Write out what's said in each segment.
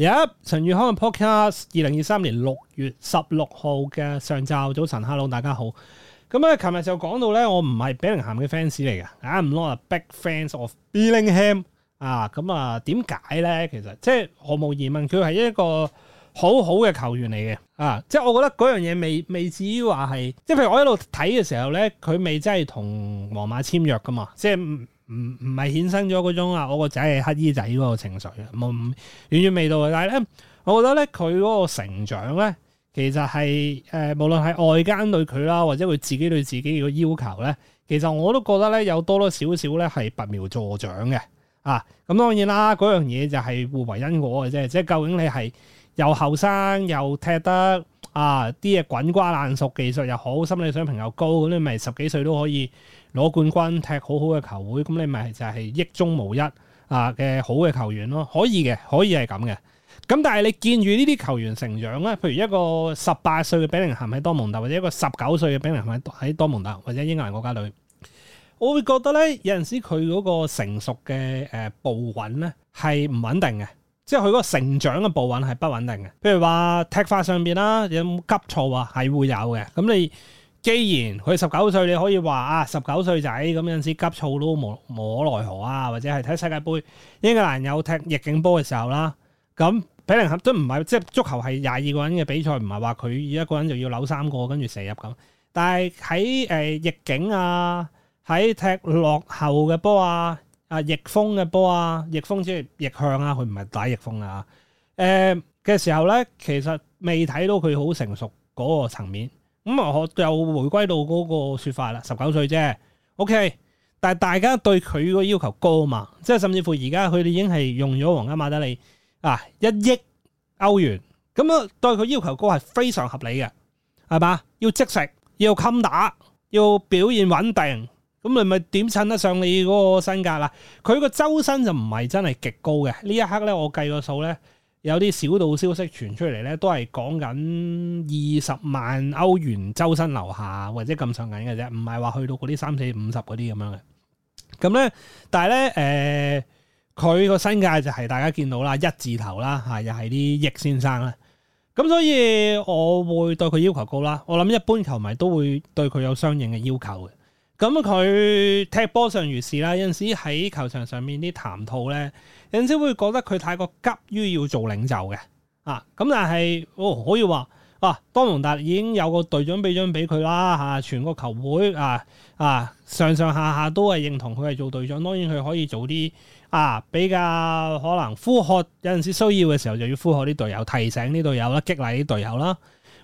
一、yep, 陳宇康嘅 podcast，二零二三年六月十六號嘅上晝早晨，hello 大家好。咁、嗯、咧，琴日就講到咧，我唔係 Bellingham 嘅 fans 嚟嘅。啊，I'm not a，big fans of Bellingham 啊。咁、嗯、啊，點解咧？其實即係毫無疑問，佢係一個好好嘅球員嚟嘅。啊，即係我覺得嗰樣嘢未未至於話係，即係譬如我喺度睇嘅時候咧，佢未真係同皇馬簽約噶嘛。即係唔唔係衍生咗嗰種啊，我個仔係乞衣仔嗰個情緒，冇遠遠未到。但係咧，我覺得咧，佢嗰個成長咧，其實係誒，無論係外間對佢啦，或者佢自己對自己嘅要求咧，其實我都覺得咧，有多多少少咧係拔苗助長嘅啊。咁、嗯、當然啦，嗰樣嘢就係互為因果嘅啫。即係究竟你係又後生又踢得啊啲嘢滾瓜爛熟，技術又好，心理水平又高，咁你咪十幾歲都可以。攞冠軍踢好好嘅球會，咁你咪就係億中無一啊嘅好嘅球員咯，可以嘅，可以係咁嘅。咁但係你見住呢啲球員成長咧，譬如一個十八歲嘅比寧咸喺多蒙特，或者一個十九歲嘅比寧咸喺喺多蒙特，或者英格蘭國家隊，我會覺得咧有陣時佢嗰個成熟嘅誒、呃、步穩咧係唔穩定嘅，即係佢嗰個成長嘅步穩係不穩定嘅。譬如話踢法上面啦，有冇急躁啊，係會有嘅。咁你。既然佢十九歲，你可以話啊，十九歲仔咁有陣時急躁都無無可奈何啊，或者係睇世界杯，英格蘭有踢逆境波嘅時候啦。咁碧寧咸都唔係，即係足球係廿二個人嘅比賽，唔係話佢一個人就要扭三個跟住射入咁。但係喺誒逆境啊，喺踢落後嘅波啊，啊逆風嘅波啊，逆風即係、啊、逆,逆向啊，佢唔係打逆風啊。誒、呃、嘅時候咧，其實未睇到佢好成熟嗰個層面。咁啊，我又回歸到嗰個説法啦，十九歲啫。OK，但係大家對佢個要求高啊嘛，即係甚至乎而家佢哋已經係用咗皇家馬德里啊一億歐元，咁啊對佢要求高係非常合理嘅，係嘛？要即食，要襟打，要表現穩定，咁你咪點襯得上你嗰個身價啦？佢個周薪就唔係真係極高嘅，呢一刻咧我計個數咧。有啲小道消息傳出嚟咧，都係講緊二十萬歐元周薪樓下，或者咁上緊嘅啫，唔係話去到嗰啲三四五十嗰啲咁樣嘅。咁咧、嗯，但係咧，誒、呃，佢個身價就係、是、大家見到啦，一字頭啦，嚇又係啲億先生啦。咁、啊嗯、所以，我會對佢要求高啦。我諗一般球迷都會對佢有相應嘅要求嘅。咁佢踢波上如是啦，有陣時喺球場上面啲談吐咧，有陣時會覺得佢太過急於要做領袖嘅。啊，咁但係哦可以話，哇、啊，多隆達已經有個隊長臂章俾佢啦，嚇、啊，全個球會啊啊上上下下都係認同佢係做隊長，當然佢可以做啲啊比較可能呼喝，有陣時需要嘅時候就要呼喝啲隊友，提醒啲隊友啦，激勵啲隊友啦，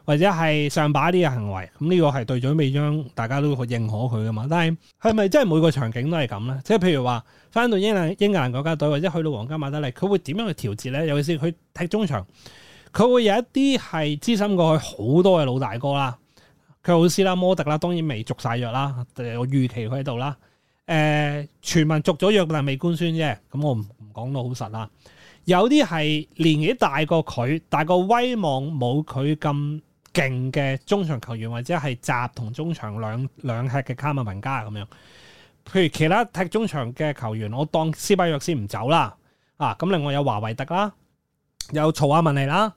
或者係上把啲嘅行為，咁呢個係隊長未將大家都認可佢噶嘛？但係係咪真係每個場景都係咁呢？即係譬如話，翻到英格蘭國家隊，或者去到皇家馬德里，佢會點樣去調節呢？尤其是佢踢中場，佢會有一啲係資深過去好多嘅老大哥啦，佢好斯啦、摩特啦，當然未續晒約啦，我預期佢喺度啦。誒、呃，全民續咗約但未官宣啫，咁我唔講到好實啦。有啲係年紀大過佢，但係個威望冇佢咁。勁嘅中場球員或者係集同中場兩兩踢嘅卡馬文加咁樣，譬如其他踢中場嘅球員，我當斯巴約斯唔走啦，啊咁另外有華維迪啦，有曹阿文尼啦，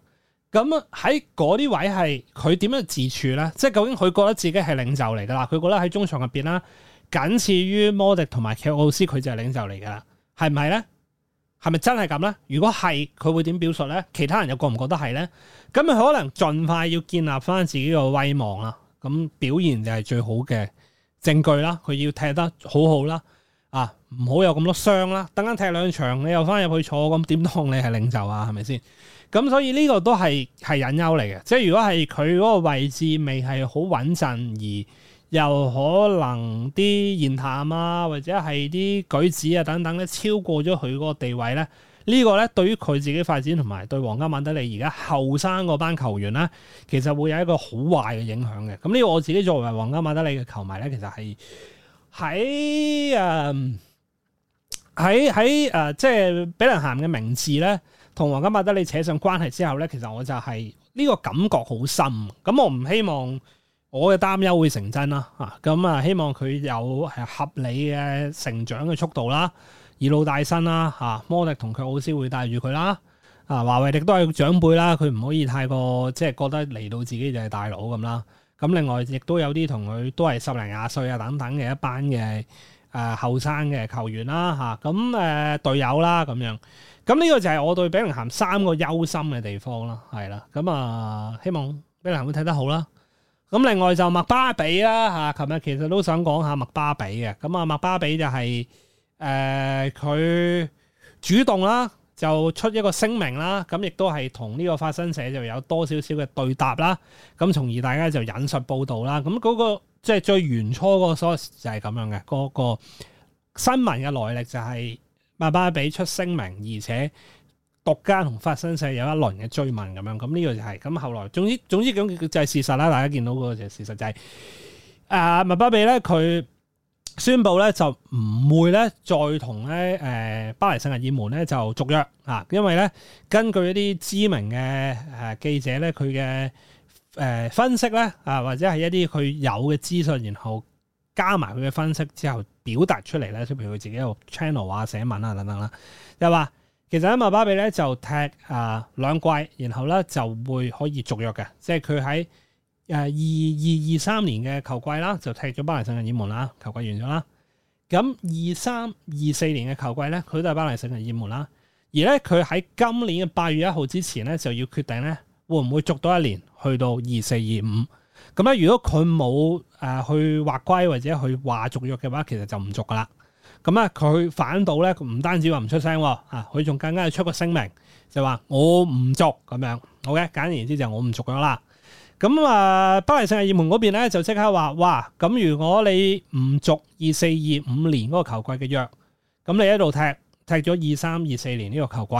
咁喺嗰啲位係佢點樣自處咧？即係究竟佢覺得自己係領袖嚟噶啦？佢覺得喺中場入邊啦，僅次於摩迪同埋喬奧斯，佢就係領袖嚟噶啦，係唔係咧？係咪真係咁呢？如果係，佢會點表述呢？其他人又覺唔覺得係呢？咁佢可能盡快要建立翻自己個威望啦。咁表現就係最好嘅證據啦。佢要踢得好好啦，啊，唔好有咁多傷啦。等間踢兩場，你又翻入去坐，咁點當你係領袖啊？係咪先？咁所以呢個都係係隱憂嚟嘅，即係如果係佢嗰個位置未係好穩陣而。又可能啲言談啊，或者係啲舉止啊等等咧，超過咗佢嗰個地位咧，這個、呢個咧對於佢自己發展同埋對皇家馬德里而家後生嗰班球員咧，其實會有一個好壞嘅影響嘅。咁、嗯、呢、這個我自己作為皇家馬德里嘅球迷咧，其實係喺誒喺喺誒，即係碧咸嘅名字咧，同皇家馬德里扯上關係之後咧，其實我就係、是、呢、這個感覺好深。咁、嗯、我唔希望。我嘅擔憂會成真啦，啊咁啊希望佢有係合理嘅成長嘅速度啦，以老帶新啦，嚇、啊，摩迪同佢老師會帶住佢啦，啊，華為迪都係長輩啦，佢唔可以太過即係、就是、覺得嚟到自己就係大佬咁啦。咁、啊、另外亦都有啲同佢都係十零廿歲啊等等嘅一班嘅誒後生嘅球員啦，嚇咁誒隊友啦咁樣。咁、啊、呢、這個就係我對碧寧咸三個憂心嘅地方啦，係啦，咁啊希望碧寧咸會睇得好啦。咁另外就麥巴比啦嚇，琴日其實都想講下麥巴比嘅，咁啊麥巴比就係誒佢主動啦，就出一個聲明啦，咁亦都係同呢個發生社就有多少少嘅對答啦，咁從而大家就引述報導啦，咁嗰、那個即係、就是、最原初嗰個 source 就係咁樣嘅，嗰、那個新聞嘅來歷就係麥巴比出聲明，而且，獨家同法新社有一輪嘅追問咁樣，咁呢個就係、是、咁。後來總之總之咁就係事實啦。大家見到個就係事實就係、是，啊麥巴比咧佢宣布咧就唔會咧再同咧誒巴黎聖日耳門咧就續約啊，因為咧根據一啲知名嘅誒、啊、記者咧佢嘅誒分析咧啊，或者係一啲佢有嘅資訊，然後加埋佢嘅分析之後表達出嚟咧，譬如佢自己一個 channel 啊、寫文啊等等啦，就話。其實阿馬巴比咧就踢啊呃、兩季，然後咧就會可以續約嘅，即係佢喺誒二二二三年嘅球季啦，就踢咗巴黎聖日耳門啦，球季完咗啦。咁二三二四年嘅球季咧，佢都係巴黎聖日耳門啦。而咧佢喺今年嘅八月一號之前咧，就要決定咧會唔會續多一年去到二四二五。咁咧如果佢冇誒去劃歸或者去話續約嘅話，其實就唔續噶啦。咁啊，佢反到咧，佢唔單止話唔出聲，啊，佢仲更加係出個聲明，就話我唔續咁樣。好嘅，簡而言之就我唔續約啦。咁啊，巴黎聖日耳門嗰邊咧就即刻話：哇！咁如果你唔續二四二五年嗰個球季嘅約，咁你喺度踢踢咗二三二四年呢個球季，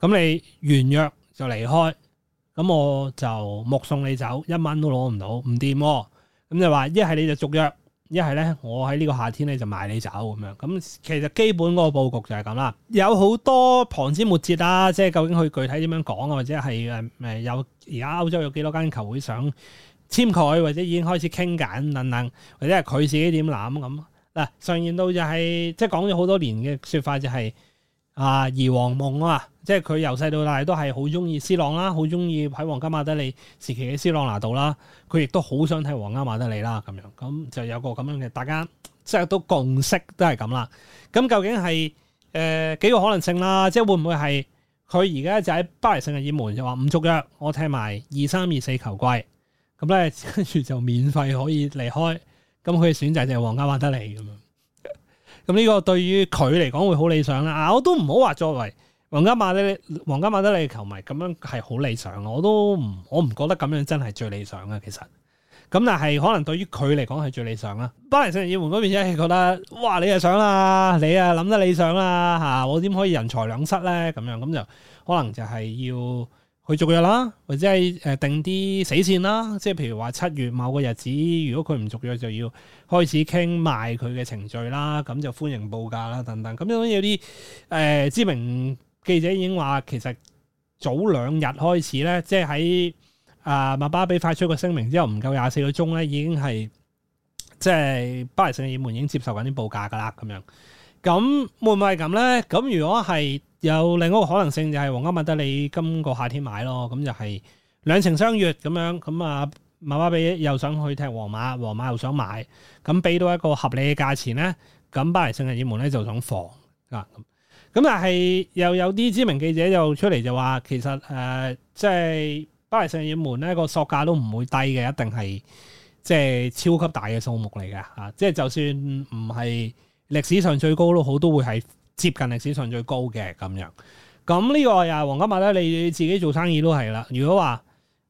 咁你完約就離開，咁我就目送你走，一蚊都攞唔到，唔掂喎。咁就話一係你就續約。一係咧，我喺呢個夏天咧就賣你走咁樣，咁其實基本嗰個佈局就係咁啦。有好多旁枝末節啦，即係究竟佢具體點樣講啊，或者係誒誒有而家歐洲有幾多間球會想簽佢，或者已經開始傾緊等等，或者係佢自己點諗咁嗱。常言道就係、是，即係講咗好多年嘅説法就係、是。啊！兒王夢啊，即係佢由細到大都係好中意 C 朗啦，好中意喺皇家馬德里時期嘅 C 朗拿度啦，佢亦都好想踢皇家馬德里啦，咁樣咁就有個咁樣嘅，大家即係都共識都係咁啦。咁究竟係誒、呃、幾個可能性啦？即係會唔會係佢而家就喺巴黎聖日耳門就話唔續約，我踢埋二三二四球季，咁咧跟住就免費可以離開，咁佢嘅選擇就係皇家馬德里咁樣。咁呢個對於佢嚟講會好理想啦，啊，我都唔好話作為皇家馬德里皇家馬德里球迷咁樣係好理想，我都唔我唔覺得咁樣真係最理想嘅，其實，咁但係可能對於佢嚟講係最理想啦。巴黎聖日耳門嗰邊，真係覺得，哇，你又想啦，你啊諗得理想啦吓，我點可以人財兩失咧？咁樣咁就可能就係要。佢續約啦，或者係誒定啲死線啦，即係譬如話七月某個日子，如果佢唔續約，就要開始傾賣佢嘅程序啦，咁就歡迎報價啦等等。咁、嗯、所以有啲誒、呃、知名記者已經話，其實早兩日開始咧，即係喺啊麥巴比發出個聲明之後，唔夠廿四個鐘咧，已經係即係巴黎聖日門已經接受緊啲報價噶啦，咁樣。咁會唔會係咁咧？咁如果係？有另一個可能性就係皇家馬德里今個夏天買咯，咁就係兩情相悅咁樣，咁啊馬馬比又想去踢皇馬，皇馬又想買，咁俾到一個合理嘅價錢咧，咁巴黎聖日耳門咧就想防啊咁，咁、嗯、但係又有啲知名記者又出嚟就話，其實誒即係巴黎聖日耳門咧個索價都唔會低嘅，一定係即係超級大嘅數目嚟嘅嚇，即、啊、係、就係、就算唔係歷史上最高都好，都會係。接近歷史上最高嘅咁樣，咁呢個呀黃金馬啦。你自己做生意都係啦。如果話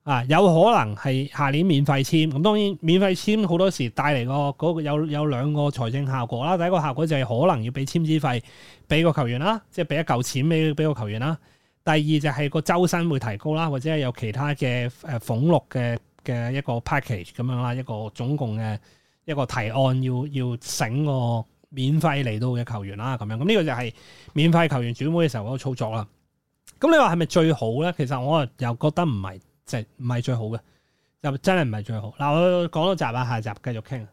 啊，有可能係下年免費簽，咁當然免費簽好多時帶嚟個嗰有有兩個財政效果啦。第一個效果就係可能要俾簽字費俾個球員啦，即係俾一嚿錢俾俾個球員啦。第二就係個周薪會提高啦，或者係有其他嘅誒俸祿嘅嘅一個 package 咁樣啦，一個總共嘅一個提案要要醒個。免費嚟到嘅球員啦，咁樣咁呢、嗯、這個就係免費球員轉會嘅時候嗰個操作啦。咁、嗯、你話係咪最好咧？其實我又覺得唔係，即係唔係最好嘅，又真係唔係最好。嗱、嗯，我講多集啊，下集繼續傾。